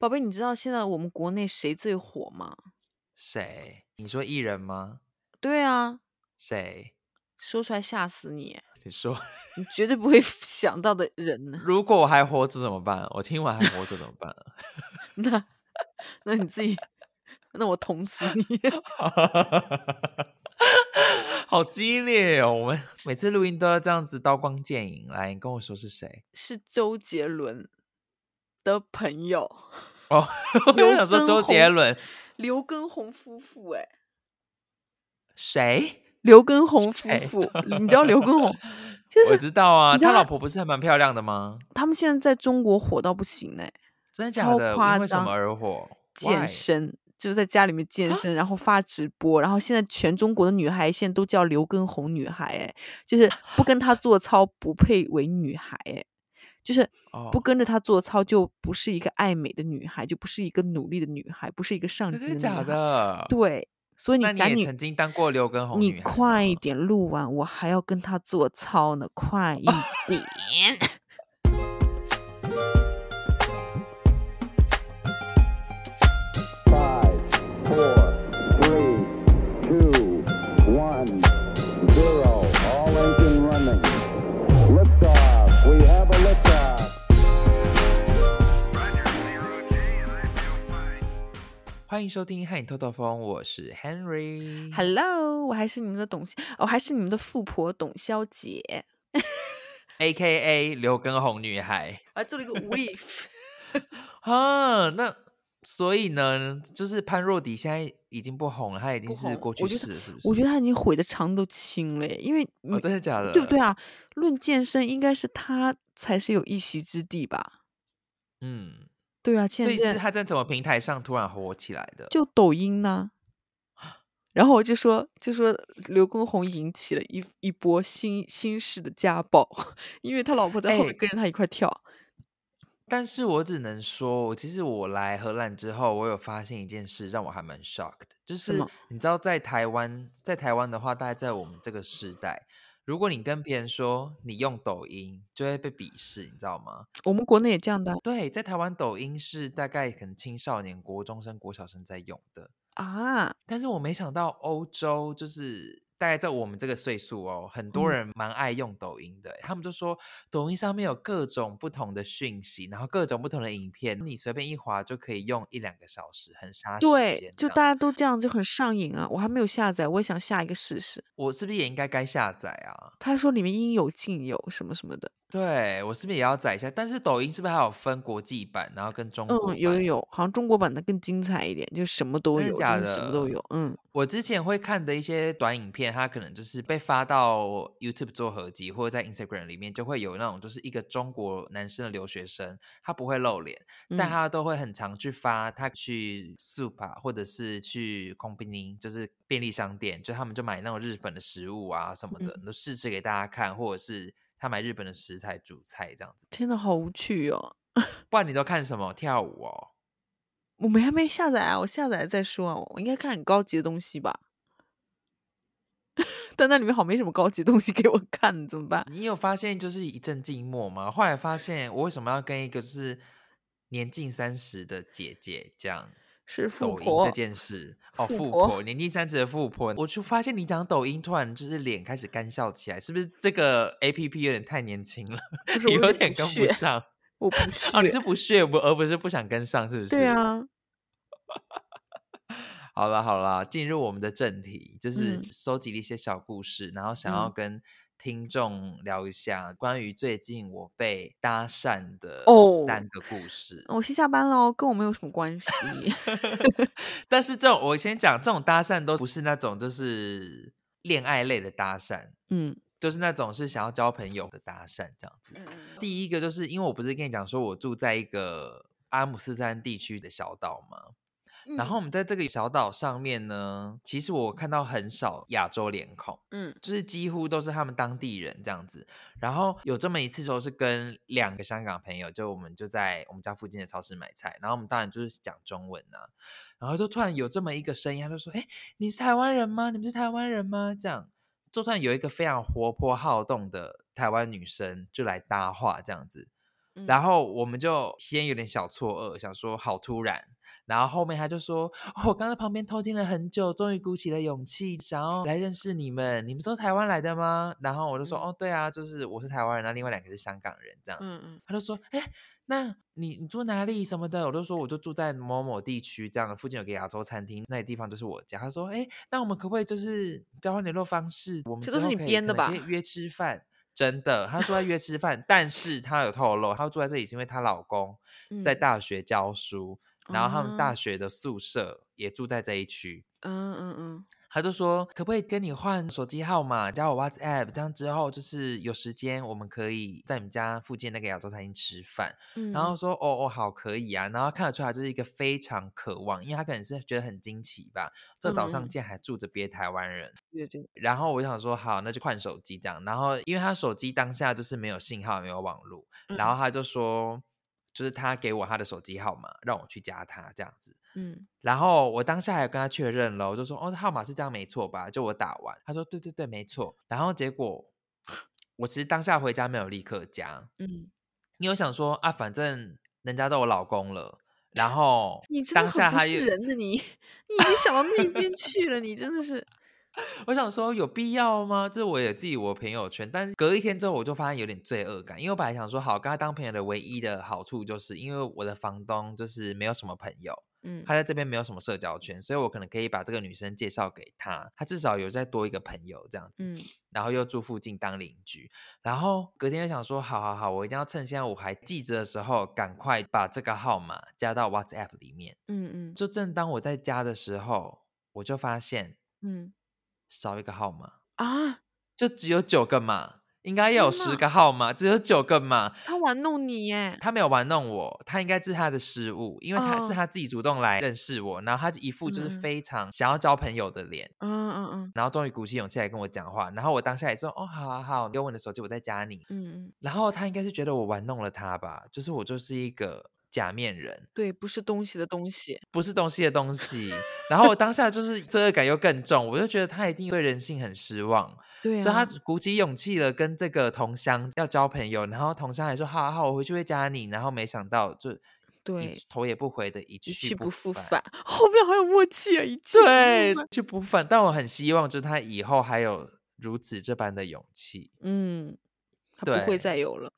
寶貝，你知道現在我們國內誰最火嗎？誰？你說藝人嗎？對啊。誰？說出來嚇死你！你說，你絕對不會想到的人呢，啊？ 如果我還活着怎麼辦？我聽完還活着怎麼辦？ 那那你自己， 那我捅死你！ 好激烈哦！我們每次錄音都要這樣子，刀光劍影。來，你跟我說是誰？是周杰倫的朋友。哦， 我想說周杰倫劉。劉畊宏、欸、畊宏夫婦，哎，誰？劉畊宏夫婦，你知道劉畊宏？ 就是我知道啊，知道他，他老婆不是還蠻漂亮的嗎？他們現在在中國火到不行呢、欸，真的假的？為什麼而火？健身，Why? 就是在家裡面健身、啊，然後發直播，然後現在全中國的女孩現在都叫劉畊宏女孩、欸，哎，就是不跟他做操 不配為女孩、欸，哎。就是不跟着他做操，就不是一個愛美的女孩，就不是一個努力的女孩，不是一個上進的女孩。是的對，所以你趕緊，你快一點錄完，我還要跟他做操呢，快一點。 歡迎收聽《漢影透透風》，我是 Henry。Hello，我還是你們的董，我、哦、還是你們的富婆董蕭姐 ，A.K.A 劉畊宏女孩。啊，做了一個 weave 啊，那所以呢，就是潘若迪現在已經不紅了，她已經是過去式了，是不是？我覺得,我覺得她已經悔得腸都青了耶，因為真的、哦、假的？對不對啊，論健身，應該是她才是有一席之地吧？嗯。對啊，前，前，所以是他在什麼平台上突然火起來的？就抖音呢、啊。然後我就說，就說劉畊宏引起了一一波新新式的家暴，因為他老婆在後面跟着他一塊跳、哎。但是我只能說，其實我來荷蘭之後，我有發現一件事讓我還蠻 shock 的，就是，是你知道，在台灣，在台灣的話，大概在我們這個時代。如果你跟別人說你用抖音，就會被鄙視，你知道嗎？我們國內也這樣的。對，在台灣，抖音是大概可能青少年、國中生、國小生在用的啊。但是我沒想到歐洲就是。大概在我們這個歲數哦，很多人蠻愛用抖音的，嗯。他們就說，抖音上面有各種不同的訊息，然後各種不同的影片，你隨便一滑就可以用一兩個小時，很殺時間。對，就大家都這樣，就很上癮啊！我還沒有下載，我也想下一個試試。我是不是也應該該下載啊？他說裡面應有盡有，什麼什麼的。對，我是不是也要載一下？但是抖音是不是還有分國際版，然後跟中國版？嗯，有有有，好像中國版的更精彩一點，就什麼都有，真的，假的，真的什麼都有。嗯，我之前會看的一些短影片，它可能就是被發到 YouTube 做合集，或者在 Instagram 裡面就會有那種，就是一個中國男生的留學生，他不會露臉，嗯、但他都會很常去發他去 Super 或者是去 Company 就是便利商店，就他們就買那種日本的食物啊什麼的，嗯、都試吃給大家看，或者是。他買日本的食材煮菜這樣子，天哪，好無趣哦！ 不然你都看什麼跳舞哦？我們還沒下載啊，我下載了再說啊。我應該看很高級的東西吧？ 但那裡面好沒什麼高級的東西給我看，怎麼辦？你有發現就是一陣靜默嗎？後來發現我為什麼要跟一個就是年近三十的姐姐這樣？是富婆抖音這件事哦，富婆，富婆年近三十的富婆，我就發現你講抖音，突然就是臉開始乾笑起來，是不是這個 A P P 有點太年輕了， 有點跟不上？我不屑、哦、你是不屑我而不是不想跟上，是不是？對啊。 好了好了，進入我們的正題，就是蒐集了一些小故事，嗯、然後想要跟。聽眾聊一下關於最近我被搭訕的三個故事。哦，我先下班嘍，哦，跟我沒有什麼關係。 但是這種我先講，這種搭訕都不是那種就是戀愛類的搭訕，嗯，就是那種是想要交朋友的搭訕這樣子。嗯，第一個就是因為我不是跟你講說我住在一個阿姆斯特丹地區的小島嘛然後我們在這個小島上面呢，其實我看到很少亞洲臉孔，嗯，就是幾乎都是他們當地人這樣子。然後有這麼一次時候是跟兩個香港朋友，就我們就在我們家附近的超市買菜，然後我們當然就是講中文啊，然後就突然有這麼一個聲音，他就說：“哎、欸，你是台灣人嗎？你不是台灣人嗎？”這樣，就突然有一個非常活潑好動的台灣女生就來搭話這樣子，嗯、然後我們就先有點小錯愕，想說好突然。然後後面他就說，哦、我剛，剛在旁邊偷聽了很久，終於鼓起了勇氣，想要來認識你們。你們都是台灣來的嗎？然後我就說、嗯，哦，對啊，就是我是台灣人，那另外兩個是香港人，這樣子。嗯嗯。他就說，哎，那你你住哪裡什麼的？我就說我就住在某某地區，這樣的附近有個亞洲餐廳，那個地方就是我家。他說，哎，那我們可不可以就是交換聯絡方式？我們可以，這都是你編的吧？可以約吃飯，真的。他說他約吃飯， 但是他有透露，他住在這裡是因為她老公在大學教書。嗯然後他們大學的宿舍也住在這一區。嗯嗯嗯，他就說可不可以跟你換手機號碼，加我 WhatsApp，這樣之後就是有時間我們可以在你們家附近那個亞洲餐廳吃飯。嗯。然後說哦哦好可以啊，然後看得出來就是一個非常渴望，因為他可能是覺得很驚奇吧，這島上竟然還住着別台灣人。嗯嗯。然後我想說好那就換手機這樣，然後因為他手機當下就是沒有信號沒有網絡，然後他就說。嗯嗯。就是他給我他的手機號碼，讓我去加他這樣子，嗯，然後我當下還跟他確認了，我就說哦，號碼是這樣沒錯吧？就我打完，他說對對對，沒錯。然後結果我其實當下回家沒有立刻加，嗯，你有想說啊，反正人家都有老公了，然後你真的當下他你真的是人呢， 你你已經想到那邊去了，你真的是。我想說，有必要嗎？就我也記我朋友圈，但隔一天之後，我就發現有點罪惡感。因為我本來想說，好，跟他當朋友的唯一的好處，就是因為我的房東就是沒有什麼朋友，嗯，他在這邊沒有什麼社交圈，所以我可能可以把這個女生介紹給他，他至少有再多一個朋友這樣子，嗯，然後又住附近當鄰居。然後隔天又想說，好好好，我一定要趁現在我還記着的時候，趕快把這個號碼加到 WhatsApp 裡面，嗯嗯。就正當我在家的時候，我就發現，嗯。少一個號碼啊？就只有九個嘛？應該有十個號碼，只有九個嘛？他玩弄你耶？他沒有玩弄我，他應該是他的失誤，因為他是他自己主動來認識我。哦，然後他一副就是非常想要交朋友的臉，嗯嗯嗯，然後終於鼓起勇氣來跟我講話，然後我當下也說哦，好好好，給我你的手機，我再加你，嗯嗯，然後他應該是覺得我玩弄了他吧？就是我就是一個。假面人，對，不是東西的東西，不是東西的東西。 然後我當下就是罪惡感又更重，我就覺得他一定對人性很失望。對、啊，所以他鼓起勇氣了，跟這個同鄉要交朋友。然後同鄉還說：“好、啊、好，我回去會加你。”然後沒想到就，就對一，頭也不回的一去不復返。後面好有默契啊，一去不復返。但我很希望，就是他以後還有如此這般的勇氣。嗯，他不會再有了。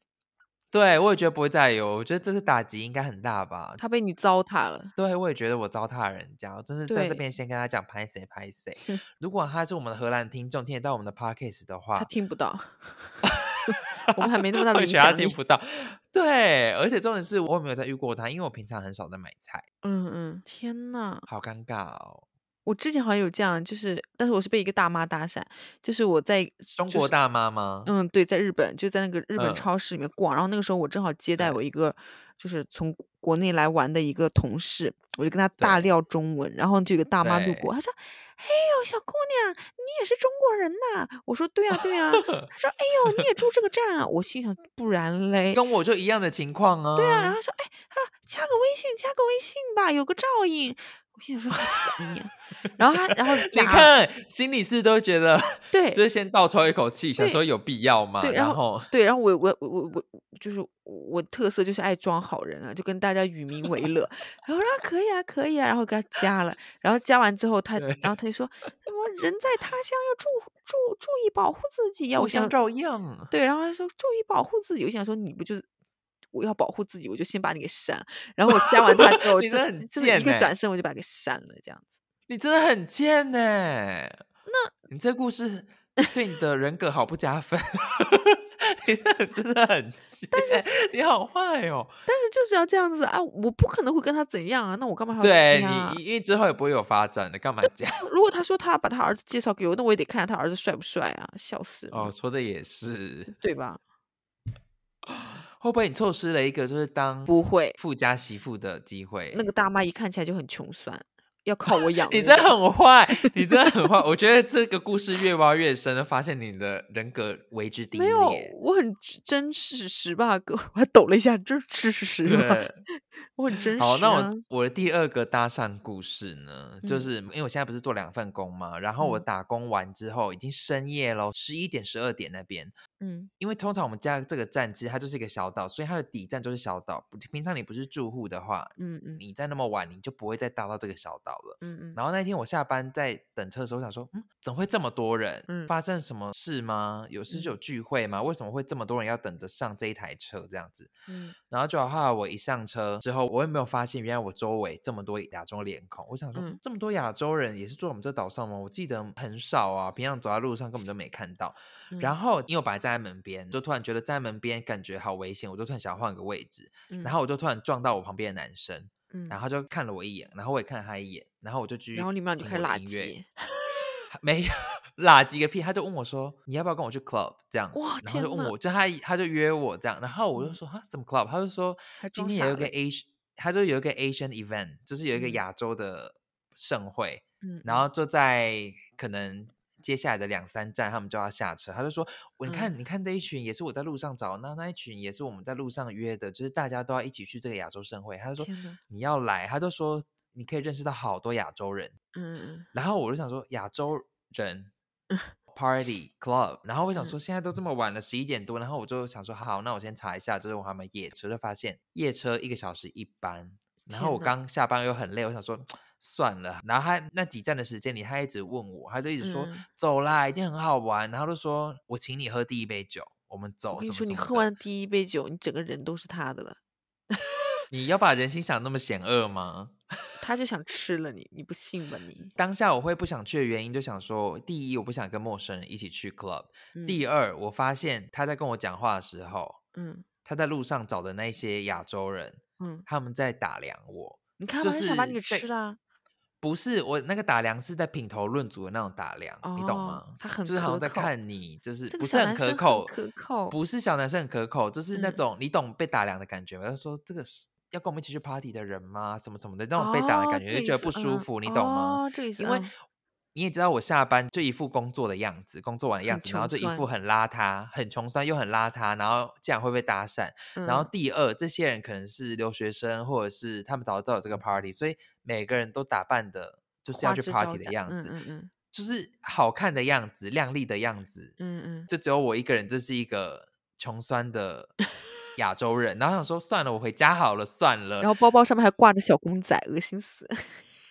對，我也覺得不會再有。我覺得這個打擊應該很大吧？他被你糟蹋了。對，我也覺得我糟蹋人家，我真是在這邊先跟他講拍謝拍謝。如果他是我們的荷蘭聽眾，聽得到我們的 podcast 的話，他聽不到。 我們還沒那麼大的影響力。我覺得他聽不到。對，而且重點是我沒有再遇過他，因為我平常很少在買菜。嗯嗯，天吶，好尷尬哦。我之前好像有這樣，就是，但是我是被一個大媽搭訕，就是我在中國大媽嗎、就是？嗯，對，在日本就在那個日本超市裡面逛、嗯，然後那個時候我正好接待我一個就是從國內來玩的一個同事，我就跟他大聊中文，然後就有個大媽路過，他說：“哎呦，小姑娘，你也是中國人吶？”我說：“對啊，對啊。 ”他說：“哎呦，你也住這個站啊？” 我心想：“不然嘞？”跟我就一樣的情況啊。對啊，然後他說：“哎、hey,，他說加個微信，加個微信吧，有個照應。”我 說然後他，然後你看，心理師都覺得，對，就是先倒抽一口氣，想說有必要嗎？然後，對，然後我我我我就是我特色就是愛裝好人啊，就跟大家與民為樂。 然後他說可以啊，可以啊，然後給他加了，然後加完之後他，然後他就說，什麼人在他鄉要注注注意保護自己要我想照樣。對，然後他說注意保護自己，我想說你不就。我要保護自己，我就先把你給刪。然後我加完他之後，真的很賤、 欸。一個轉身我就把他給刪了，這樣子。你真的很賤呢、欸。那你這故事對你的人格好不加分？ 你真的很賤，但是你好壞哦！但是就是要這樣子啊！我不可能會跟他怎樣啊！那我幹嘛還要、啊、對你？因為之後也不會有發展，你幹嘛加？ 如果他說他把他兒子介紹給我，那我也得看，看他兒子帥不帥啊！笑死！哦，說的也是，對吧？會不會你錯失了一個就是當富家媳婦的機會？不會。那個大媽一看起來就很窮酸。要靠我養 你真的 很壞，你真的很壞。我覺得這個故事越挖越深，發現你的人格為之低迷。沒有，我很真實實吧？哥，我還抖了一下，就是真實實的。對，我很真實、啊。好，那我我的第二個搭訕故事呢，就是、嗯、因為我現在不是做兩份工嘛，然後我打工完之後、嗯、已經深夜了，十一點十二點那邊，嗯，因為通常我們家這個站其實它就是一個小島，所以它的底站就是小島。平常你不是住戶的話，嗯嗯，你在那麼晚，你就不會再搭到這個小島。嗯，然後那天我下班在等車的時候，我想說，嗯，怎麼會這麼多人？嗯，發生什麼事嗎？有事就有聚會嗎、嗯？為什麼會這麼多人要等着上這一台車？這樣子，嗯，然後就好後來我一上車之後，我也沒有發現，原來我周圍這麼多亞洲臉孔。我想說、嗯，這麼多亞洲人也是住我們這島上嗎？我記得很少啊，平常走在路上根本就沒看到。嗯、然後因為我本來站在門邊，就突然覺得站在門邊感覺好危險，我就突然想要換個位置、嗯，然後我就突然撞到我旁邊的男生。然後他就看了我一眼、嗯，然後我也看了他一眼，然後我就繼續。然後你們倆就開始垃圾？ 沒有垃圾個屁！他就問我說：“你要不要跟我去 club？” 這樣，哇！然後就問我，就他他就約我這樣，然後我就說：“哈、嗯，什麼 club？” 他就說：“今天也有一個 Asian，他就有一個 Asian event，就是有一個亞洲的盛會。”嗯，然後就在可能。接下來的兩三站，他們就要下車。他就說：“我、哦、你看，你看這一群，也是我在路上找那、嗯、那一群，也是我們在路上約的，就是大家都要一起去這個亞洲盛會。”他就說：“你要來？”他就說：“你可以認識到好多亞洲人。”嗯嗯。然後我就想說，亞洲人 party club。然後我想說、嗯，現在都這麼晚了，十一點多。然後我就想說，好，那我先查一下，就是我他們夜車，就發現夜車一個小時一班。然後我剛下班又很累，我想說。算了，然後他那幾站的時間裡，他一直問我，他就一直說、嗯、走啦，一定很好玩。然後就說我請你喝第一杯酒，我們走。你說什麼什麼你喝完第一杯酒，你整個人都是他的了。 你要把人心想那麼險惡嗎？他就想吃了你，你不信吧你？你 當下我會不想去的原因，就想說，第一我不想跟陌生人一起去 club，、嗯、第二我發現他在跟我講話的時候，嗯，他在路上找的那些亞洲人，嗯，他們在打量我，你看他、就是，還是想把你吃了、啊。不是，我那個打量，是在品頭論足的那種打量、哦，你懂嗎？他很可口，就是好像在看你，就是不是很可口？這個、可口不是小男生很可口，嗯、就是那種你懂被打量的感覺嗎？他、嗯就是、說這個是要跟我們一起去 party 的人嗎？什麼什麼的，那種被打的感覺、哦、就覺得不舒服，哦、你懂嗎？哦、這個意思。因為嗯你也知道我下班就一副工作的樣子，工作完的樣子，然後就一副很邋遢、很窮酸又很邋遢，然後這樣會被搭訕、嗯。然後第二，這些人可能是留學生，或者是他們早知道有這個 party，所以每個人都打扮的就是要去 party 的樣子，嗯嗯嗯、就是好看的樣子、靚麗的樣子。嗯嗯，就只有我一個人就是一個窮酸的亞洲人， 然後想說算了，我回家好了算了。然後包包上面還掛着小公仔，噁心死了。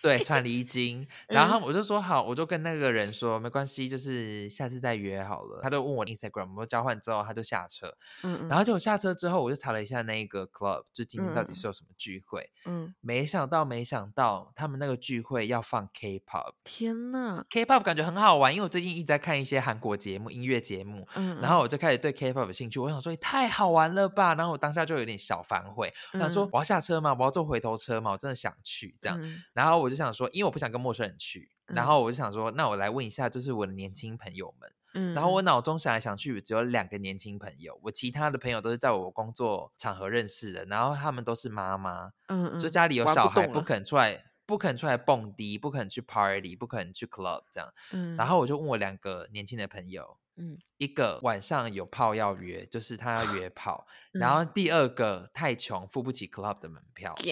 對，穿禮金，然後我就說好，我就跟那個人說、嗯、沒關係，就是下次再約好了。他就問我 Instagram，我就交換之後，他就下車。嗯,嗯，然後結果下車之後，我就查了一下那個 club，就今天到底是有什麼聚會。嗯，嗯沒想到，沒想到他們那個聚會要放 K-pop。天哪，K-pop 感覺很好玩，因為我最近一直在看一些韓國節目、音樂節目。嗯,嗯，然後我就開始對 K-pop 有興趣。我想說，也太好玩了吧？然後我當下就有點小反悔，我想說、嗯、我要下車嗎？我要坐回頭車嗎？我真的想去這樣、嗯。然後我。我就想說，因為我不想跟陌生人去，嗯、然後我就想說，那我來問一下，就是我的年輕朋友們。嗯，然後我腦中想來想去，只有兩個年輕朋友，我其他的朋友都是在我工作場合認識的，然後他們都是媽媽。嗯，嗯，所以家裡有小孩，我不肯出來，不肯出來蹦迪，不肯去 party，不肯去 club，這樣。嗯，然後我就問我兩個年輕的朋友，嗯，一個晚上有炮要約，就是他要約炮、 嗯，然後第二個太窮，付不起 club 的門票。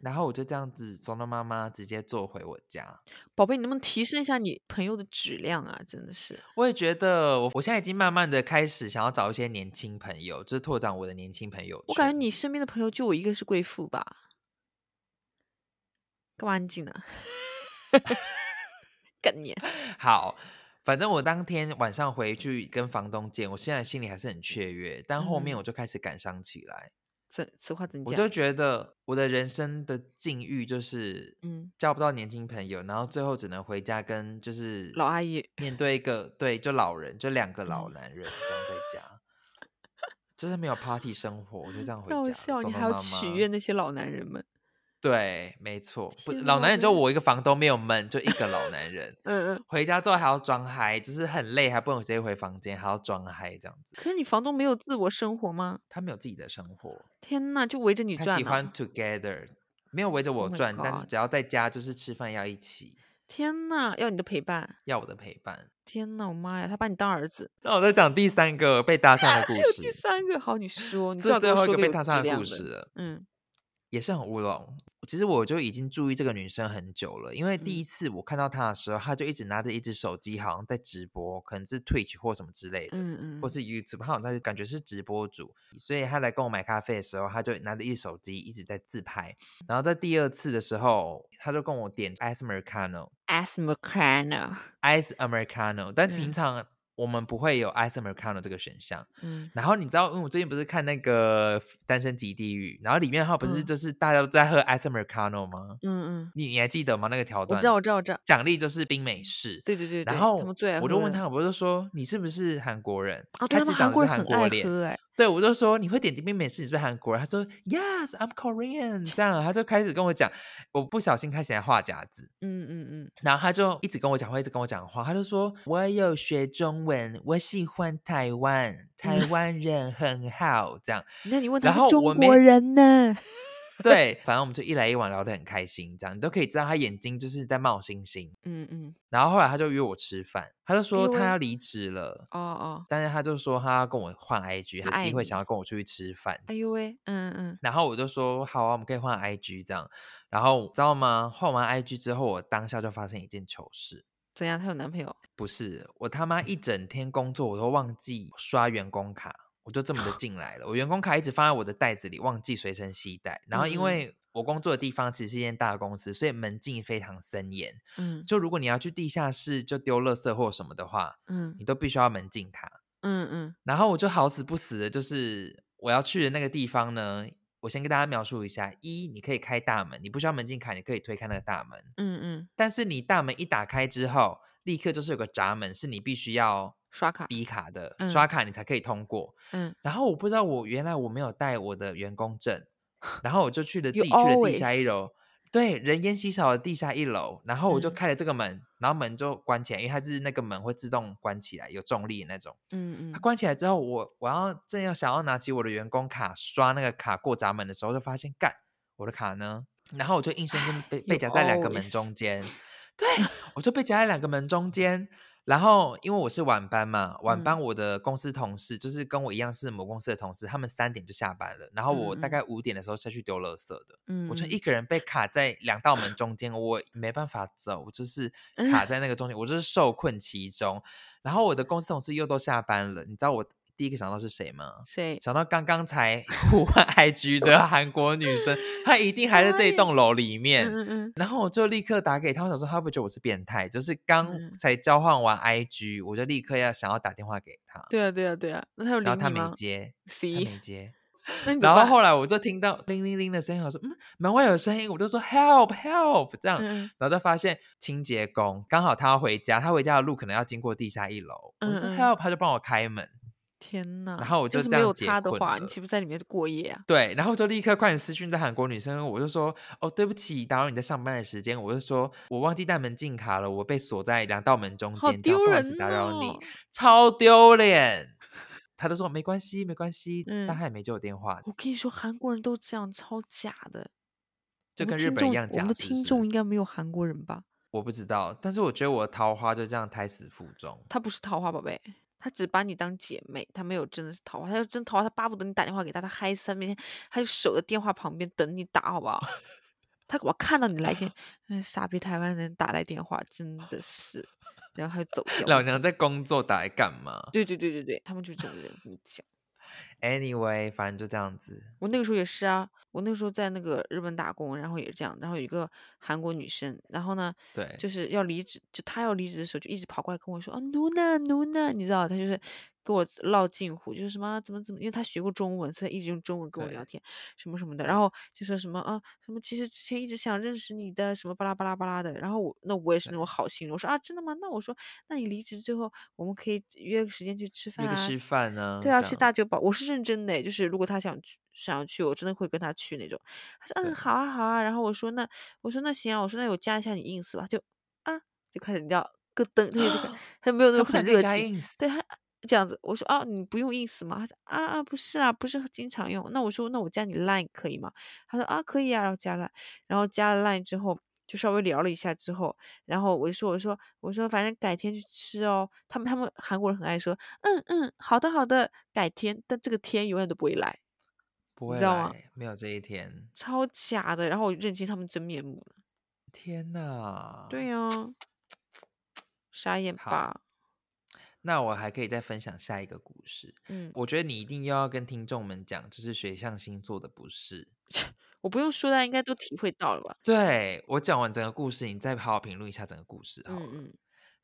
然後我就這樣子，找了媽媽，直接坐回我家。寶貝，你能不能提升一下你朋友的質量啊？真的是，我也覺得我，我我現在已經慢慢的開始想要找一些年輕朋友，就是拓展我的年輕朋友圈。我感覺你身邊的朋友就我一個是貴婦吧，幹嘛安靜了、啊？ 幹你。好，反正我當天晚上回去跟房東見，我現在心裡還是很雀躍，但後面我就開始感傷起來。嗯這，此話怎講，我就覺得我的人生的境遇就是，嗯，交不到年輕朋友、嗯，然後最後只能回家跟就是老阿姨面對一個對，就老人，就兩個老男人這樣在家，嗯、 真的沒有 party 生活，我就這樣回家，搞笑，你還要取悅那些老男人們。嗯對，沒錯不，老男人就我一個，房東沒有門就一個老男人。嗯 嗯，回家之後還要裝嗨，就是很累，還不能直接回房間，還要裝嗨這樣子。可是你房東沒有自我生活嗎？他沒有自己的生活。天哪，就圍着你轉，啊。他喜歡 together、哦、沒有圍着我轉，哦，但是只要在家就是吃飯要一起。天哪，要你的陪伴，要我的陪伴。天哪，我媽呀，他把你當兒子。那我再講第三個被搭訕的故事。 第三個，好，你說，你知道最，最後一個被搭訕的故事。嗯。也是很烏龍。其實我就已經注意這個女生很久了，因為第一次我看到她的時候，她就一直拿着一只手機，好像在直播，可能是 Twitch 或什麼之類的，嗯嗯，或是 YouTube，好像感覺是直播主。所以她來跟我買咖啡的時候，她就拿着一只手機一直在自拍。然後在第二次的時候，她就跟我點 As Americano，As Americano，As Americano，但平常。嗯我們不會有 iced americano 這個選項，嗯，然後你知道，因、嗯、為我最近不是看那個《單身即地獄》，然後裡面的話不是就是大家都在喝 iced americano 嗎？嗯嗯，你你還記得嗎？那個橋段我？我知道，我知道，獎勵就是冰美式。對對對,對，然後他們最愛喝，我就問他，我就說你是不是韓國人？啊，對，他長的是韓國臉對，我就說你會點冰美式，你是不是韓國人？他說：Yes, I'm Korean。這樣，他就開始跟我講，我不小心開始在話夾子。嗯嗯嗯，然後他就一直跟我講話，一直跟我講話。他就說：我有學中文，我喜歡台灣，台灣人很好。嗯、這樣，那你問他，中國人呢？ 對，反正我們就一來一往聊得很開心，這樣你都可以知道他眼睛就是在冒星星，嗯嗯。然後後來他就約我吃飯，他就說他要離職了，哦、哎、哦。但是他就說他要跟我換 I G，還是會想要跟我出去吃飯、哎。哎呦喂，嗯嗯嗯。然後我就說好啊，我們可以換 I G 這樣。然後知道嗎？換完 I G 之後，我當下就發生一件糗事。怎樣？他有男朋友？不是，我他媽一整天工作，我都忘記刷員工卡。 我就這麼的進來了，我員工卡一直放在我的袋子裡，忘記隨身攜帶。然後，因為我工作的地方其實是一間大公司，嗯，所以門禁非常森嚴。嗯，就如果你要去地下室，就丟垃圾或什麼的話，嗯，你都必須要門禁卡。嗯嗯，然後我就好死不死的，就是我要去的那個地方呢，我先跟大家描述一下：一，你可以開大門，你不需要門禁卡，你可以推開那個大門。嗯嗯，但是你大門一打開之後，立刻就是有個閘門，是你必須要。刷卡，B 卡的、嗯、刷卡你才可以通過。嗯，然後我不知道我原來我沒有帶我的員工證，嗯、然後我就去了自己去了地下一樓，always... 對，人煙稀少的地下一樓，然後我就開了這個門、嗯，然後門就關起來，因為它是那個門會自動關起來，有重力的那種。嗯嗯，它關起來之後，我我要正要想要拿起我的員工卡刷那個卡過閘門的時候，就發現幹我的卡呢，然後我就硬生生被被夾在兩個門中間，always... 對 我就被夾在兩個門中間。然後，因為我是晚班嘛，晚班我的公司同事就是跟我一樣是某公司的同事，嗯、他們三點就下班了。然後我大概五點的時候下去丟垃圾的，嗯、我就一個人被卡在兩道門中間、嗯，我沒辦法走，我就是卡在那個中間，我就是受困其中。嗯、然後我的公司同事又都下班了，你知道我。第一個想到是誰嗎？誰想到剛剛才互換 I G 的韓國女生， 她一定還在這一棟樓裡面 嗯嗯嗯。然後我就立刻打給她，我想說她會不會覺得我是變態？就是剛才交換完 I G，我就立刻要想要打電話給她。嗯、對啊，對啊，對啊。然後她沒接，沒接。然後後來我就聽到鈴鈴鈴的聲音，我說：“嗯，門外有聲音。”我就說：“Help, help！” 這樣、嗯，然後就發現清潔工剛好他要回家，他回家的路可能要經過地下一樓。嗯嗯嗯，我說：“Help！” 他就幫我開門。天哪！然後我就這樣，沒有他的話，你豈不在裡面過夜啊？對，然後就立刻快點私訊在韓國女生，我就說：“哦，對不起，打擾你在上班的時間。”我就說：“我忘記帶門禁卡了，我被鎖在兩道門中間，好哦，不好意思打擾你，超丟臉。他就說”他都說沒關係，沒關係，嗯、但他也沒接我電話。我跟你說，韓國人都這樣，超假的。就跟日本一樣假。我們的聽眾應該沒有韓國人吧？我不知道，但是我覺得我桃花就這樣胎死腹中。他不是桃花寶貝。他只把你當姐妹，他沒有真的是桃花。他要真桃花，她巴不得你打電話給他，她嗨三遍，他就守在電話旁邊等你打，好不好？他我看到你來信，哎，傻逼台灣人打來電話，真的是，然後他就走掉。老娘在工作，打來幹嘛？對對對對對，他們就這種人，你講。Anyway，反正就這樣子。我那個時候也是啊，我那個時候在那個日本打工，然後也是這樣。然後有一個韓國女生，然後呢，對，就是要離職，就她要離職的時候，就一直跑過來跟我說啊，努娜，努娜，哦、Nuna, Nuna，你知道，她就是。跟我嘮近乎就是什麼怎麼怎麼，因為他學過中文，所以一直用中文跟我聊天，什麼什麼的。然後就說什麼啊，什麼其實之前一直想認識你的，什麼巴拉巴拉巴拉的。然後我那我也是那種好心，我說啊，真的嗎？那我說，那你離職之後，我們可以約個時間去吃飯，啊。那個吃飯呢？對啊，去大酒保。我是認真的，就是如果他想去，想去，我真的會跟他去那種。他說嗯，啊，好啊，好啊。然後我說那我說那行啊，我說那我加一下你 ins 吧。就啊，就開始聊咯噔，哦，他就他就沒有那麼很熱情，他對他。這樣子，我說啊，你不用 ins 嗎？他說啊啊，不是啊，不是經常用。那我說，那我加你 line 可以嗎？他說啊，可以啊，然後加了，然後加了 line 之後，就稍微聊了一下之後，然後我就說，我說我說，反正改天去吃哦。他們他們韓國人很愛說，嗯嗯，好的好的，改天，但這個天永遠都不會來，不會來，知道嗎？沒有這一天，超假的。然後我認清他們真面目了。天吶，對呀、啊，傻眼吧。那我還可以再分享下一個故事。嗯，我覺得你一定又要跟聽眾們講，就是水象星座的。不是，我不用說了，大家應該都體會到了吧？對，我講完整個故事，你再好好評論一下整個故事好了。嗯嗯，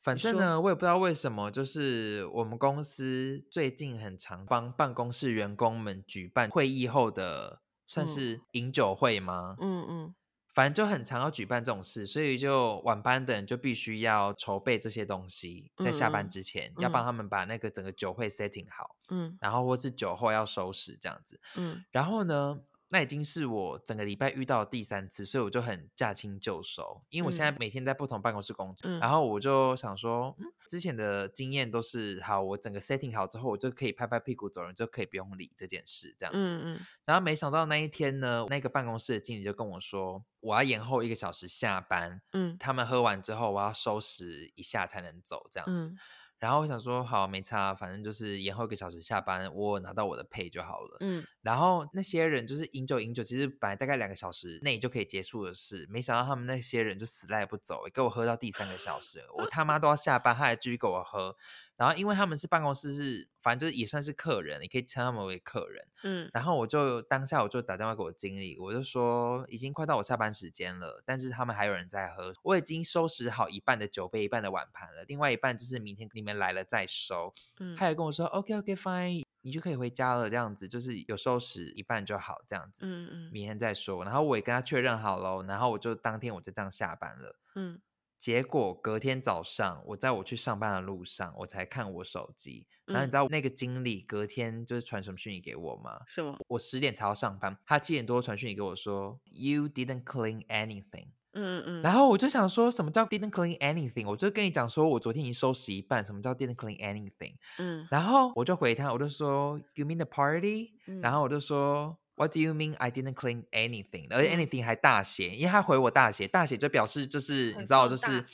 反正呢，我也不知道為什麼，就是我們公司最近很常幫辦公室員工們舉辦會議後的算是飲酒會嗎？嗯嗯。嗯反正就很常要舉辦這種事，所以就晚班的人就必須要籌備這些東西，在下班之前嗯嗯、要幫他們把那個整個酒會 setting 好，嗯，然後或是酒後要收拾這樣子，嗯，然後呢，那已經是我整個禮拜遇到的第三次，所以我就很駕輕就熟，因為我現在每天在不同辦公室工作，嗯、然後我就想說，之前的經驗都是好，我整個 setting 好之後，我就可以拍拍屁股走人，就可以不用理這件事，這樣子，嗯嗯。然後沒想到那一天呢，那個辦公室的經理就跟我說，我要延後一個小時下班，嗯、他們喝完之後，我要收拾一下才能走，這樣子。嗯然後我想說，好沒差，反正就是延後一個小時下班，我拿到我的 pay 就好了。嗯、然後那些人就是飲酒飲酒，其實本來大概兩個小時內就可以結束的事，沒想到他們那些人就死賴不走，給我喝到第三個小時，我他媽都要下班，他還繼續給我喝。然後，因為他們是辦公室是，是反正就是也算是客人，你可以稱他們為客人。嗯，然後我就當下我就打電話給我經理，我就說已經快到我下班時間了，但是他們還有人在喝，我已經收拾好一半的酒杯，一半的碗盤了，另外一半就是明天你們來了再收。嗯，他也跟我說，嗯，OK OK fine，你就可以回家了，這樣子就是有收拾一半就好，這樣子。嗯嗯，明天再說。然後我也跟他確認好了，然後我就當天我就這樣下班了。嗯。結果隔天早上，我在我去上班的路上，我才看我手機，嗯。然後你知道那個經理隔天就是傳什麼訊息給我嗎？是嗎？我十點才要上班，他七點多傳訊息給我說，說 You didn't clean anything，嗯。嗯嗯嗯。然後我就想說什麼叫 didn't clean anything？我就跟你講，說我昨天已經收拾一半。什麼叫 didn't clean anything？嗯。然後我就回他，我就說 You mean the party？嗯、然後我就說。What do you mean I didn't clean anything？而且 anything 還大寫，因為他回我大寫，大寫就表示就是你知道，就是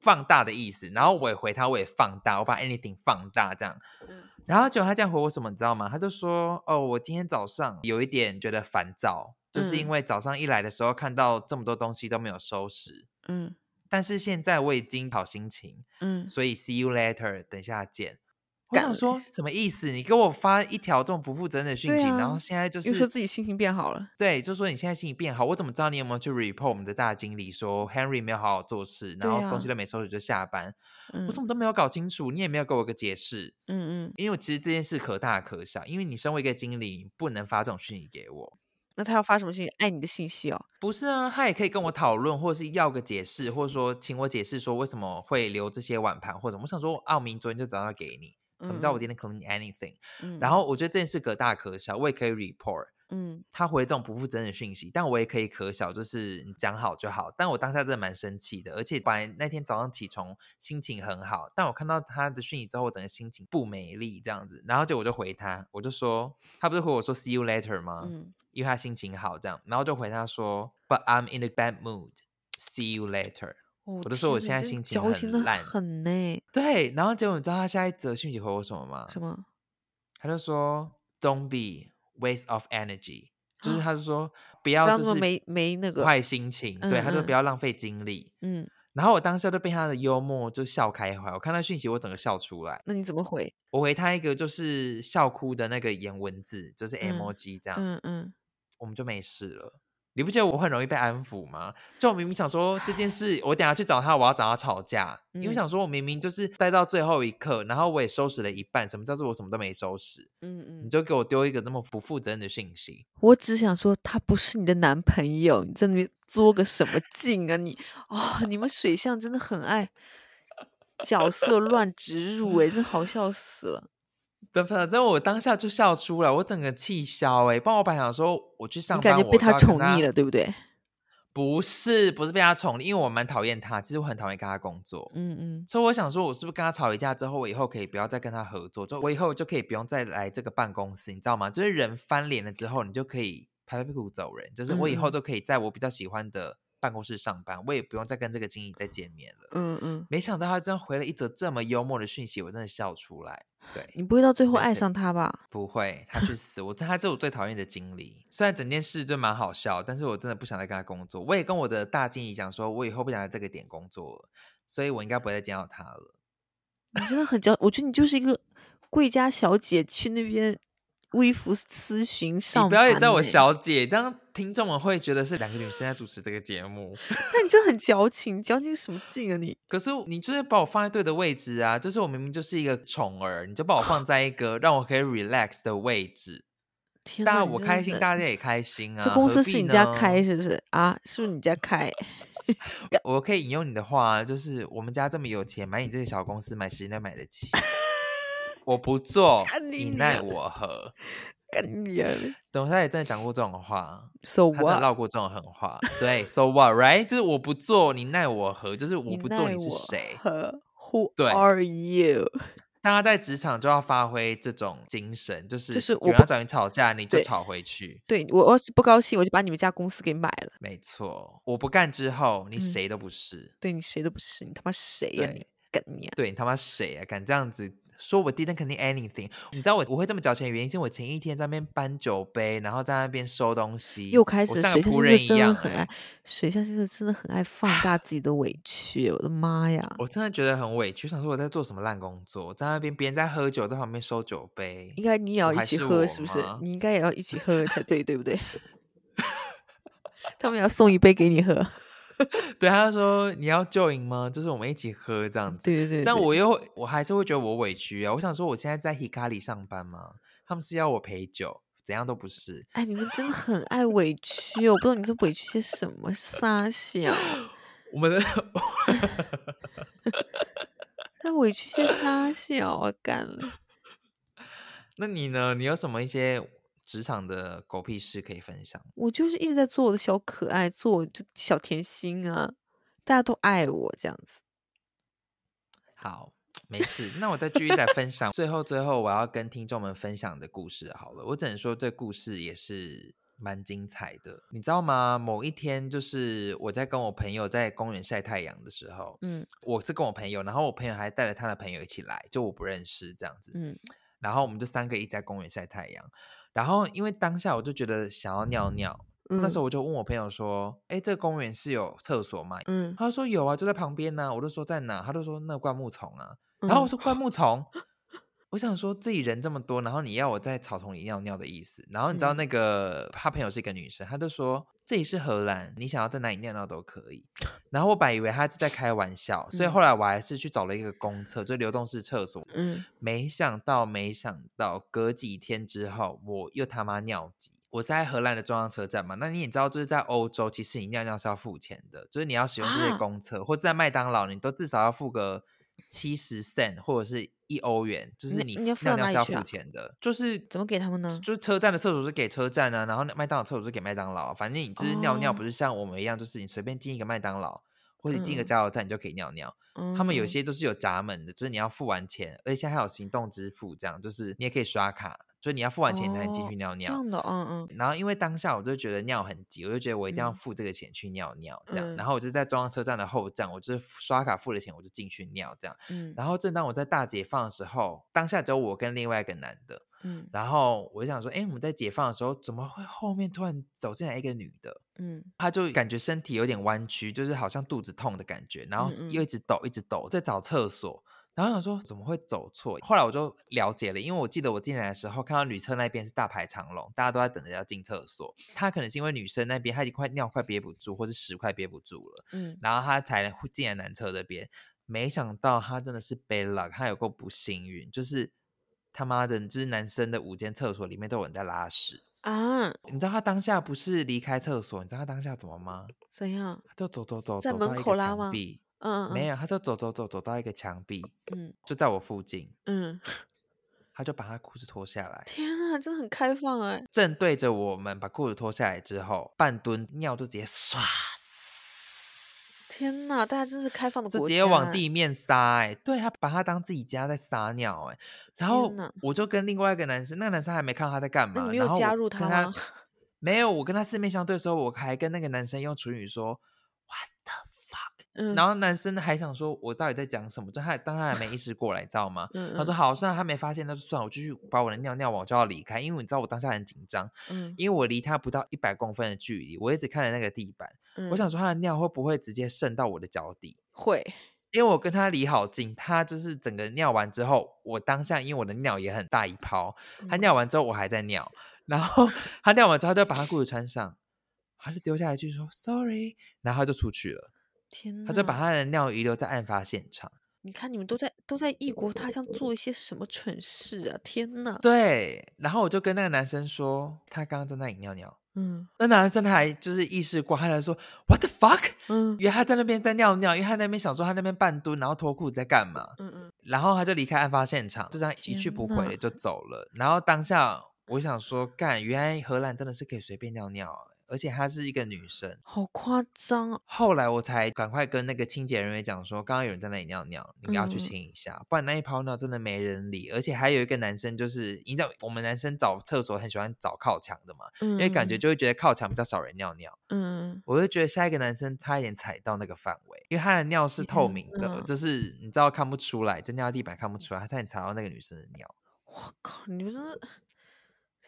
放大的意思。然後我也回他，我也放大，我把 anything 放大這樣。然後結果他這樣回我什麼，你知道嗎？他就說：“哦，我今天早上有一點覺得煩躁，就是因為早上一來的時候看到這麼多東西都沒有收拾。”嗯。但是現在我已經好心情，嗯，所以 see you later，等下見。我想說什麼意思？你給我發一條這種不負責任的訊息，啊，然後現在就是又說自己心情變好了。對，就說你現在心情變好，我怎麼知道你有沒有去 report 我們的大經理說 Henry 沒有好好做事，然後東西都沒收拾就下班，嗯。我什麼都沒有搞清楚，你也沒有給我個解釋。嗯嗯，因為其實這件事可大可小，因為你身為一個經理，不能發這種訊息給我。那他要發什麼訊息？愛你的信息哦。不是啊，他也可以跟我討論，或是要個解釋，或者說請我解釋說為什麼會留這些碗盤，或者我想說，奧明昨天就打到給你。怎麼知道我今天 clean anything？然後我覺得這件事可大可小，我也可以 report。嗯，他回這種不負責任的訊息，但我也可以可小，就是你講好就好。但我當下真的蠻生氣的，而且本來那天早上起床心情很好，但我看到他的訊息之後，我整個心情不美麗這樣子。然後就我就回他，我就說他不是回我說 see you later 嗎？Mm -hmm. 因為他心情好這樣，然後就回他說、mm -hmm. but I'm in a bad mood，see you later。我就說我現在心情很爛，哦，、很呢，對，然後結果你知道他下一則訊息回我什麼嗎？什麼？他就說 “Don't be waste of energy”，、啊、就是他就說不要就是剛剛沒沒那個壞心情，對，他就不要浪費精力嗯。嗯，然後我當下就被他的幽默就笑開懷，我看到訊息我整個笑出來。那你怎麼回？我回他一個就是笑哭的那個顏文字，就是 emoji、嗯、這樣。嗯嗯，我們就沒事了。你不覺得我很容易被安撫嗎？就我明明想說這件事，我等下去找他，我要找他吵架。嗯，因為想說我明明就是待到最後一刻，然後我也收拾了一半，什麼叫做我什麼都沒收拾？嗯嗯，你就給我丟一個那麼不負責任的信息。我只想說，他不是你的男朋友，你在那邊作個什麼勁啊你？ 哦，你們水象真的很愛角色亂植入、欸，哎， 真好笑死了。真的，真的，我當下就笑出了，我整個氣消、欸、不然我本來想說，我去上班，我感覺被他寵膩了，對不對？不是，不是被他寵膩，因為我蠻討厭他，其實我很討厭跟他工作。嗯嗯，所以我想說，我是不是跟他吵一架之後，我以後可以不要再跟他合作，就我以後就可以不用再來這個辦公室，你知道嗎？就是人翻臉了之後，你就可以拍拍屁股走人。就是我以後都可以在我比較喜歡的、嗯。辦公室上班，我也不用再跟這個經理再見面了。嗯嗯，沒想到他真的回了一則這麼幽默的訊息，我真的笑出來。對你不會到最後愛上他吧？不會，他去死！我他是我最討厭的經理。 雖然整件事就蠻好笑，但是我真的不想再跟他工作。我也跟我的大經理講說，我以後不想在這個點工作了，所以我應該不會再見到他了。我 真的很焦，我覺得你就是一個貴家小姐去那邊。微服私詢上，你不要也叫我小姐，欸、這樣聽眾們會覺得是兩個女生在主持這個節目。那 你真的很矯情，你矯情什麼勁啊你？可是你就是把我放在對的位置啊，就是我明明就是一個寵兒，你就把我放在一個讓我可以 relax 的位置，但我開心，大家也開心啊。這公司是你家開是不是啊？是不是你家開？ 我可以引用你的話，就是我們家這麼有錢，買你這個小公司，買誰能買得起？ 我不做，你，你奈我何？幹你董小姐真的講過這種話，說、so、真繞過這種狠話， 對，so what right？就是我不做，你奈我何？就是我不做，你，我和你是誰？Who？are you？大家在職場就要發揮這種精神，就是就是我不，我要找你吵架，你就吵回去。對，對我，要是不高興，我就把你們家公司給買了。沒錯，我不幹之後，你誰都不是、嗯。對你誰都不是，你他媽誰呀、啊？你幹你、啊、對你他媽誰呀、啊？敢這樣子？說我低等肯定 anything，你知道我我會這麼矯情的原因是，是我前一天在那邊搬酒杯，然後在那邊收東西，又開始我水象星座一樣，水象星座真的很愛，的很愛 放大自己的委屈，我的媽呀！我真的覺得很委屈，想說我在做什麼爛工作，在那邊別人在喝酒，在旁邊收酒杯，應該你也要一起喝，是不是？你應該也要一起喝才對，對不對？ 他們要送一杯給你喝。 對，他說你要 join 嗎？就是我們一起喝這樣子。對對對，對，但我又我還是會覺得我委屈啊！我想說，我現在在 Hikari 上班嘛，他們是要我陪酒，怎樣都不是。哎，你們真的很愛委屈、哦、 我不知道你們委屈些什麼？撒笑，我們的， 那委屈些撒笑、啊，我幹了。 那你呢？你有什麼一些？職場的狗屁事可以分享。我就是一直在做我的小可愛，做我小甜心啊，大家都愛我這樣子。好，沒事。那我再繼續來分享。 最後，最後我要跟聽眾們分享的故事好了。我只能說這故事也是蠻精彩的。你知道嗎？某一天就是我在跟我朋友在公園曬太陽的時候，嗯，我是跟我朋友，然後我朋友還帶了他的朋友一起來，就我不認識這樣子，嗯。然後我們就三個一在公園曬太陽。然後，因為當下我就覺得想要尿尿，嗯、那時候我就問我朋友說：“哎、嗯，這個公園是有廁所嗎？”嗯、他說有啊，就在旁邊呢、啊。我就說在哪，他就說那灌木叢啊、嗯。然後我說灌木叢。 我想說，這裡人這麼多，然後你要我在草叢裡尿尿的意思。然後你知道那個、嗯、他朋友是一個女生，她就說這裡是荷蘭，你想要在哪裡尿尿都可以。然後我本以為他是在開玩笑、嗯，所以後來我還是去找了一個公廁，就流動式廁所、嗯。沒想到，沒想到，隔幾天之後我又他媽尿急。我在荷蘭的中央車站嘛，那你也知道，就是在歐洲，其實你尿尿是要付錢的，就是你要使用這些公廁、啊，或者在麥當勞，你都至少要付個。七十 cent 或者是一歐元，就是你尿、尿尿是要付錢的。啊、就是怎麼給他們呢？就是車站的廁所是給車站啊，然後麥當勞廁所是給麥當勞。反正你就是尿尿，不是像我們一樣，就是你隨便進一個麥當勞或者進一個加油站，你就可以尿尿。嗯、他們有些都是有閘門的，就是你要付完錢。而且現在還有行動支付，這樣就是你也可以刷卡。說你要付完錢才能進去尿尿，哦、這樣的，嗯嗯。然後因為當下我就覺得尿很急，我就覺得我一定要付這個錢去尿尿，這樣、嗯。然後我就在中央車站的後站，我就是刷卡付了錢，我就進去尿，這樣、嗯。然後正當我在大解放的時候，當下只有我跟另外一個男的，嗯、然後我就想說，哎，我們在解放的時候，怎麼會後面突然走進來一個女的？她、嗯、就感覺身體有點彎曲，就是好像肚子痛的感覺，然後又一直抖，一直抖，在找廁所。然後想說怎麼會走錯？後來我就了解了，因為我記得我進來的時候看到女廁那邊是大排長龍，大家都在等着要進廁所。他可能是因為女生那邊他已經快尿快憋不住，或是屎快憋不住了，嗯，然後他才會進來男廁這邊。沒想到他真的是 bad luck，他有夠不幸運，就是他媽的，就是男生的五間廁所裡面都有人在拉屎啊！你知道他當下不是離開廁所，你知道他當下怎麼嗎？怎樣、啊？她就走走走在門口拉嗎？走到一個牆壁。嗯，沒有，他就走走走走到一個牆壁，嗯，就在我附近，嗯，他就把他褲子脫下來，天啊，真的很開放哎！正對着我們把褲子脫下來之後，半蹲尿都直接唰，天哪，大家真是開放的國家，直接往地面撒哎！對他把他當自己家在撒尿哎！然後我就跟另外一個男生，那個男生還沒看到他在幹嘛，我沒有加入他嗎？沒有，我跟他四面相對的時候，我還跟那個男生用唇語說：“What the fuck。”嗯、然後男生還想說：“我到底在講什麼？”就他，當他還沒意識過來， 知道嗎？嗯、他說：“好，雖然他沒發現，那就算了，我繼續把我的尿尿完，我就要離開，因為你知道我當下很緊張，嗯，因為我離他不到一百公分的距離，我一直看着那個地板，嗯，我想說他的尿會不會直接滲到我的腳底？會，因為我跟他離好近，他就是整個尿完之後，我當下因為我的尿也很大一泡，他尿完之後我還在尿，然後他尿完之後他就把他褲子穿上，還是丟下來一句說 ‘sorry’，然後他就出去了。”天哪，他就把他的尿遺留在案發現場。你看，你們都在都在異國他鄉做一些什麼蠢事啊！天吶！對，然後我就跟那個男生說，他剛剛在那裡尿尿。嗯，那男生他還就是意識過，他還說，What the fuck？嗯，原來他在那邊在尿尿，因為他在那邊想說他那邊半蹲，然後脫褲子在幹嘛？嗯嗯，然後他就離開案發現場，就這樣一去不回就走了。然後當下我想說，幹，原來荷蘭真的是可以隨便尿尿啊！而且她是一個女生，好誇張、啊、後來我才趕快跟那個清潔人員講說，剛剛有人在那裡尿尿，你要去清一下，嗯、不然那一泡尿真的沒人理。而且還有一個男生，就是你知道我們男生找廁所很喜歡找靠牆的嘛、嗯，因為感覺就會覺得靠牆比較少人尿尿。嗯，我就覺得下一個男生差一點踩到那個範圍，因為他的尿是透明的，嗯、就是你知道看不出來，就尿地板看不出來，他差點踩到那個女生的尿。我靠！你們是。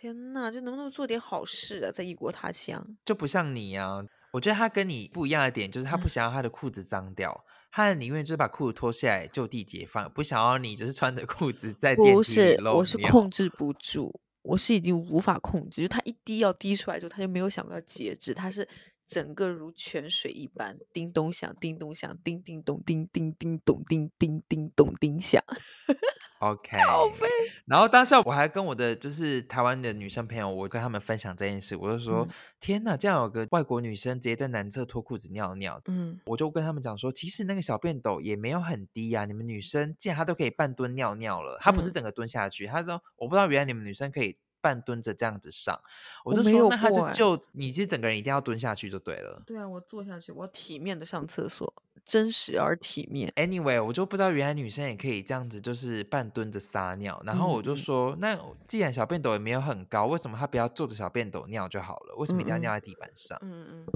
天哪，就能不能做點好事啊？在異國他鄉就不像你啊。我覺得他跟你不一樣的點就是，他不想要他的褲子髒掉，嗯、他寧願就是把褲子脫下來就地解放，不想要你就是穿着褲子在電梯裡漏尿。我是，我是控制不住，我是已經無法控制，就他一滴要滴出來之後，他就沒有想過要節制，他是。整個如泉水一般，叮咚響，叮咚響，叮叮咚，叮叮叮咚，叮叮叮咚叮響。OK， 然後當下我還跟我的就是台灣的女生朋友，我跟他們分享這件事，我就說：嗯、天哪，這樣有個外國女生直接在男廁脫褲子尿尿。嗯，我就跟他們講說，其實那個小便斗也沒有很低呀，啊，你們女生竟然她都可以半蹲尿尿了，她不是整個蹲下去，嗯、她說我不知道原來你們女生可以。半蹲着這樣子上，我就說我、欸、那他就就，你其實整個人一定要蹲下去就對了。對啊，我坐下去，我體面的上廁所，真實而體面。Anyway，我就不知道原來女生也可以這樣子，就是半蹲着撒尿。然後我就說、嗯，那既然小便斗也沒有很高，為什麼她不要坐着小便斗尿就好了？為什麼一定要尿在地板上？嗯嗯，嗯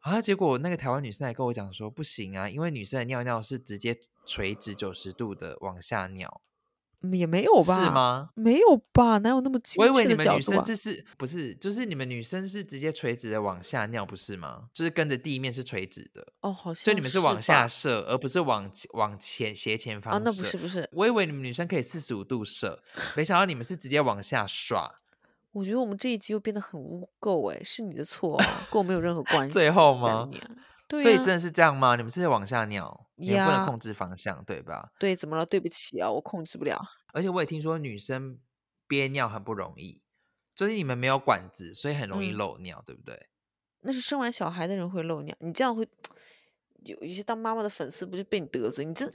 啊，結果那個台灣女生還跟我講說，不行啊，因為女生的尿尿是直接垂直九十度的往下尿。也沒有吧？是嗎？沒有吧？哪有那麼精確的角度啊？我以為你們女生是不是，就是你們女生是直接垂直的往下尿，不是嗎？就是跟着地面是垂直的哦，好像是。所以你們是往下射，而不是往往前斜前方，啊。那不是不是？我以為你們女生可以四十五度射，沒想到你們是直接往下刷。 我覺得我們這一集又變得很污垢。誒，是你的錯啊，跟我沒有任何關係。 最後嗎？所以真的是這樣嗎？你們是在往下尿，yeah. 你們不能控制方向，對吧？對，怎麼了？對不起啊，我控制不了。而且我也聽說女生憋尿很不容易，就是你們沒有管子，所以很容易漏尿，嗯，對不對？那是生完小孩的人會漏尿，你這樣會有一些當媽媽的粉絲不是被你得罪？你這。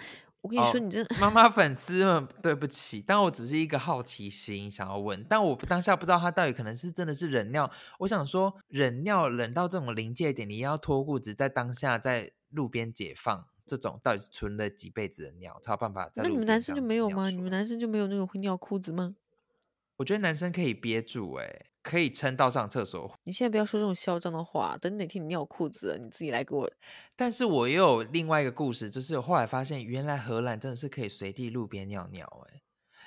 我跟你說，你真的、oh, 媽媽粉絲們，對不起，但我只是一個好奇心想要問，但我當下不知道他到底可能是真的是忍尿。我想說，忍尿忍到這種臨界點，你要脫褲子在當下在路邊解放，這種到底是存了幾輩子的尿才有辦法？那你們男生就沒有嗎？你們男生就沒有那種會尿褲子嗎？我覺得男生可以憋住哎、欸。可以撐到上廁所。你現在不要說這種囂張的話，等哪天你尿褲子，你自己來給我。但是我又有另外一個故事，就是後來發現，原來荷蘭真的是可以隨地路邊尿尿，誒。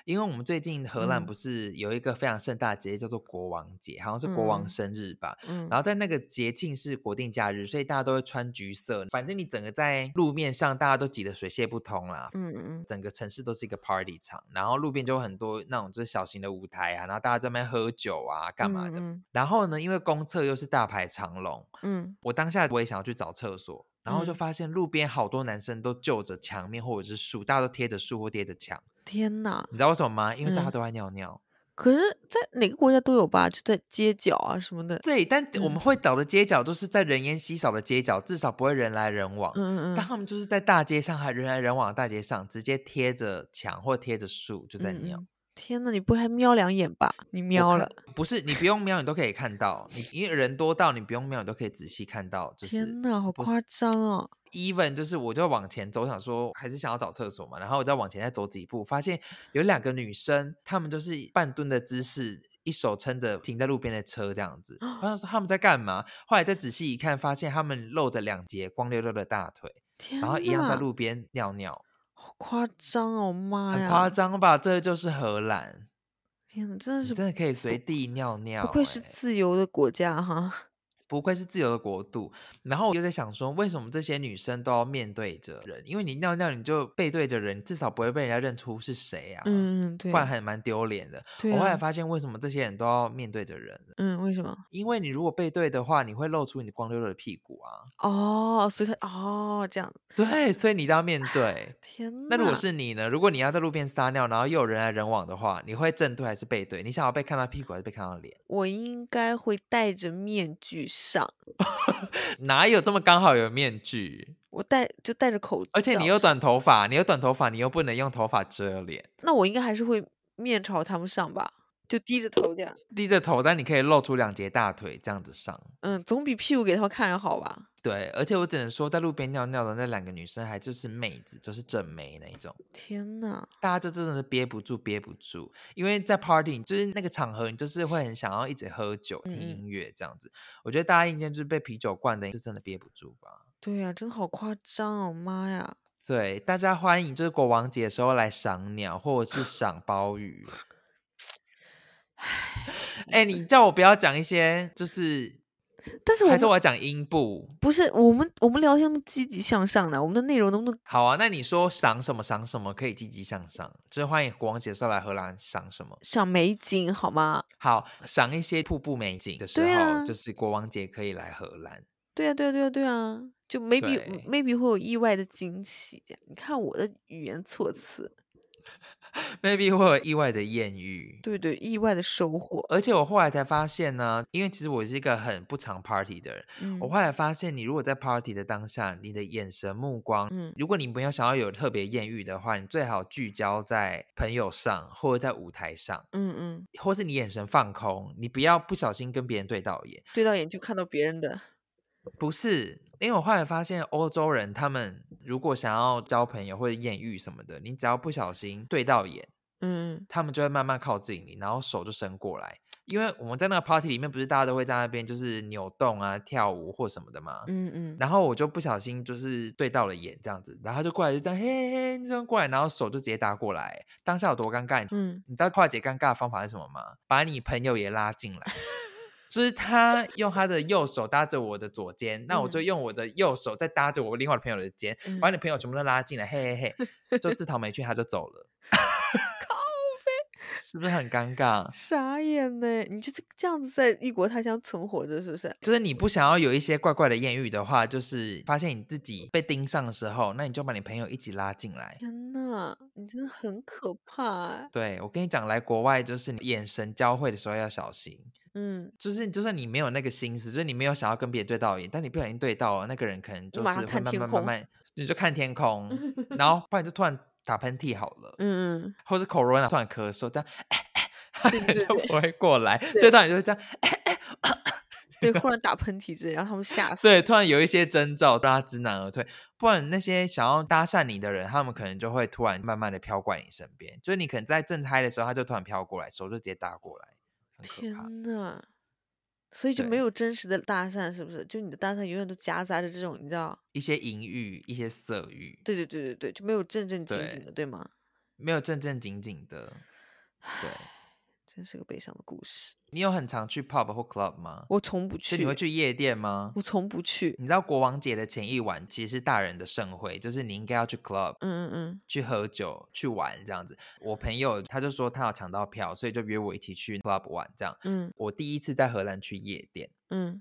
因為我們最近荷蘭不是有一個非常盛大的節日叫做國王節，嗯、好像是國王生日吧。嗯，然後在那個節慶是國定假日，所以大家都會穿橘色。反正你整個在路面上大家都擠得水泄不通啦。嗯嗯，整個城市都是一個 party 場，然後路邊就很多那種就是小型的舞台啊，然後大家在那邊喝酒啊，幹嘛的，嗯。然後呢，因為公廁又是大排長龍。嗯，我當下我也想要去找廁所。然後就發現路邊好多男生都就着牆面或者是樹，大家都貼着樹或貼着牆。天哪，你知道為什麼嗎？因為大家都愛尿尿。嗯、可是，在哪個國家都有吧？就在街角啊什麼的。對，但我們會找的街角都是在人煙稀少的街角，至少不會人來人往。嗯嗯嗯。但他們就是在大街上還人來人往的大街上，直接貼着牆或貼着樹就在尿。嗯天哪，你不會還瞄兩眼吧？你瞄了？不是，你不用瞄，你都可以看到。你因為人多到你不用瞄，你都可以仔細看到。就是、天哪，好誇張哦！不是，Even 就是我就往前走，想說還是想要找廁所嘛。然後我再往前再走幾步，發現有兩個女生，她們就是半蹲的姿勢，一手撐着停在路邊的車這樣子。我想說他們在幹嘛？後來再仔細一看，發現他們露着兩截光溜溜的大腿，然後一樣在路邊尿尿。誇張哦，媽呀！很誇張吧，這個、就是荷蘭。天哪，真的是真的可以隨地尿尿、欸，不愧是自由的國家哈。不愧是自由的國度。然後我就在想說，為什麼這些女生都要面對着人？因為你尿尿你就背對着人，至少不會被人家認出是誰啊。嗯對、啊。不然還蠻丟臉的。啊、我後來發現，為什麼這些人都要面對着人？嗯，為什麼？因為你如果背對的話，你會露出你光溜溜的屁股啊。哦，所以他哦，這樣。對，所以你都要面對。天哪。那如果是你呢？如果你要在路邊撒尿，然後又有人來人往的話，你會正對還是背對？你想要被看到屁股還是被看到臉？我應該會戴着面具。上 哪有這麼剛好有面具？我戴就戴着口罩，而且你又短頭髮，你又短頭髮，你又不能用頭髮遮臉，那我應該還是會面朝他們上吧。就低着頭這樣，低着頭但你可以露出兩截大腿這樣子上。嗯，總比屁股給他們看要好吧？對，而且我只能說，在路邊尿尿的那兩個女生還就是妹子，就是正妹那一種。天哪！大家這真的是憋不住，憋不住。因為在 party 就是那個場合，你就是會很想要一直喝酒、聽、嗯、音樂這樣子。我覺得大家應該就是被啤酒灌的，就真的憋不住吧？對呀、啊，真的好誇張哦！媽呀！對，大家歡迎就是國王節的時候來賞鳥，或者是賞鮑魚。 哎， 你叫我不要講一些就是，但是我，還是我要講陰部，不是我們我們聊天積極向上的，我們的內容能不能好啊？那你說賞什麼賞什麼可以積極向上？就是歡迎國王姐說來荷蘭賞什麼？賞美景好嗎？好，賞一些瀑布美景的時候，啊、就是國王姐可以來荷蘭。對啊，對啊，對啊，對啊，就 maybe maybe 會有意外的驚喜。你看我的語言措辭。maybe 會有意外的豔遇，對對，意外的收穫。而且我後來才發現呢，因為其實我是一個很不常 party 的人。嗯，我後來發現，你如果在 party 的當下，你的眼神目光，嗯，如果你沒有想要有特別豔遇的話，你最好聚焦在朋友上，或者在舞台上，嗯嗯，或是你眼神放空，你不要不小心跟別人對到眼，對到眼就看到別人的。不是，因為我後來發現，歐洲人他們如果想要交朋友或者豔遇什麼的，你只要不小心對到眼，嗯，他們就會慢慢靠近你，然後手就伸過來。因為我們在那個 party 裡面，不是大家都會在那邊就是扭動啊、跳舞或什麼的嘛，嗯嗯。然後我就不小心就是對到了眼這樣子，然後就過來就這樣嘿嘿嘿嘿這樣過來，然後手就直接搭過來，當下有多尷尬，嗯。你知道化解尷尬的方法是什麼嗎？把你朋友也拉進來。 就是他用他的右手搭着我的左肩，嗯，那我就用我的右手再搭着我另外的朋友的肩，嗯、把你的朋友全部都拉進來，嗯，嘿嘿嘿，就自討沒趣， 他就走了。是不是很尷尬？傻眼呢、欸！你就是這樣子在異國他鄉存活着，是不是？就是你不想要有一些怪怪的豔遇的話，就是發現你自己被盯上的時候，那你就把你朋友一起拉進來。天吶，你真的很可怕、欸！對，我跟你講，來國外就是你眼神交匯的時候要小心。嗯，就是就算你沒有那個心思，就是你沒有想要跟別人對到眼，但你不小心對到了，那個人可能就是慢慢慢慢慢慢，慢慢你就看天空， 然後不然就突然。打噴嚏好了，嗯，嗯，或是喉嚨突然咳嗽，這樣，哎哎，欸欸，對對對，他們就不會過來，對，對，對，當然就是這樣，哎、欸、哎，欸啊， 對，突然打噴嚏之類，然後他們嚇死，對，突然有一些徵兆，大家知難而退，不然那些想要搭訕你的人，他們可能就會突然慢慢的飄過來你身邊，就是你可能在正嗨的時候，他就突然飄過來，手就直接搭過來，很可怕。所以就沒有真實的搭訕，是不是？就你的搭訕永遠都夾雜着這種，你知道，一些淫慾、一些色慾。對對對對對，就沒有正正經經的，對，對嗎？沒有正正經經的，對。真是個悲傷的故事。你有很常去 pub 或 club 嗎？我從不去。你會去夜店嗎？我從不去。你知道國王節的前一晚其實是大人的盛會，就是你應該要去 club，嗯嗯嗯，去喝酒、去玩這樣子。我朋友他就說他有搶到票，所以就約我一起去 club 玩這樣。嗯，我第一次在荷蘭去夜店，嗯，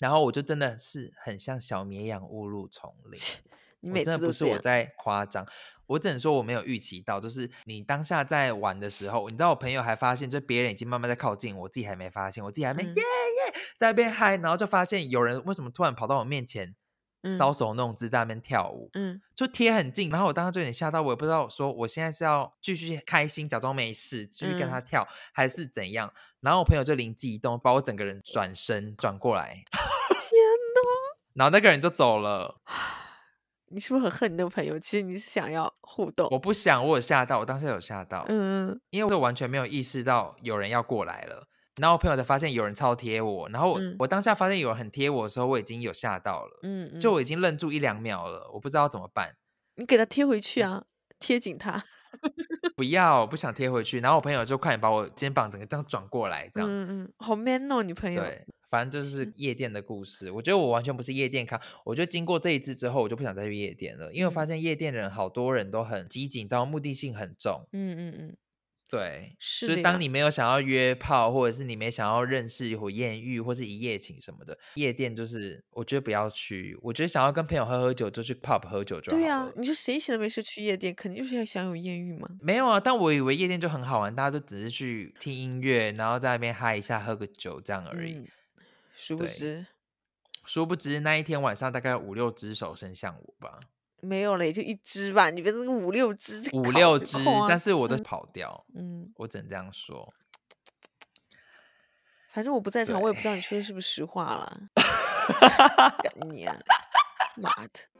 然後我就真的是很像小綿羊誤入叢林。 因為、我真的不是我在誇張，我只能說我沒有預期到，就是你當下在玩的時候，你知道我朋友還發現，就別人已經慢慢在靠近，我自己還沒發現，我自己還沒耶耶、嗯 yeah, yeah, 在那邊嗨，然後就發現有人為什麼突然跑到我面前搔首弄姿在那邊跳舞，嗯，就貼很近，然後我當時就有點嚇到，我也不知道說我現在是要繼續開心假裝沒事繼續跟他跳、嗯、還是怎樣，然後我朋友就靈機一動，把我整個人轉身轉過來，天哪， 然後那個人就走了。你是不是很恨你的朋友？其實你是想要互動。我不想，我有嚇到，我當下有嚇到。嗯，因為我完全沒有意識到有人要過來了。然後我朋友才發現有人超貼我，然後我，嗯，我當下發現有人很貼我的時候，我已經有嚇到了。嗯嗯，就我已經愣住一兩秒了，我不知道怎麼辦。你給他貼回去啊，嗯，貼緊他。 不要，不想貼回去。然後我朋友就快點把我肩膀整個這樣轉過來，這樣，嗯嗯、好 man 哦，你朋友。對，反正就是夜店的故事。嗯、我覺得我完全不是夜店咖，我覺得經過這一次之後，我就不想再去夜店了，因為我發現夜店人好多人都很急、緊張，目的性很重。嗯嗯嗯。嗯對，所以當你沒有想要約炮，或者是你沒想要認識或艷遇，或是一夜情什麼的，夜店就是我覺得不要去。我覺得想要跟朋友喝喝酒，就去 pub 喝酒就好了。對啊，你說誰閒的沒事去夜店，肯定就是要享有艷遇嘛。沒有啊，但我以為夜店就很好玩，大家都只是去聽音樂，然後在那邊嗨一下，喝個酒這樣而已。殊、嗯、不知，殊不知那一天晚上，大概五六隻手伸向我吧。沒有了，也就一隻吧。你別說那個五六隻，五六隻，但是我都跑掉。嗯，我只能這樣說。反正我不在場，我也不知道你說的是不是實話了。 你媽、啊、的！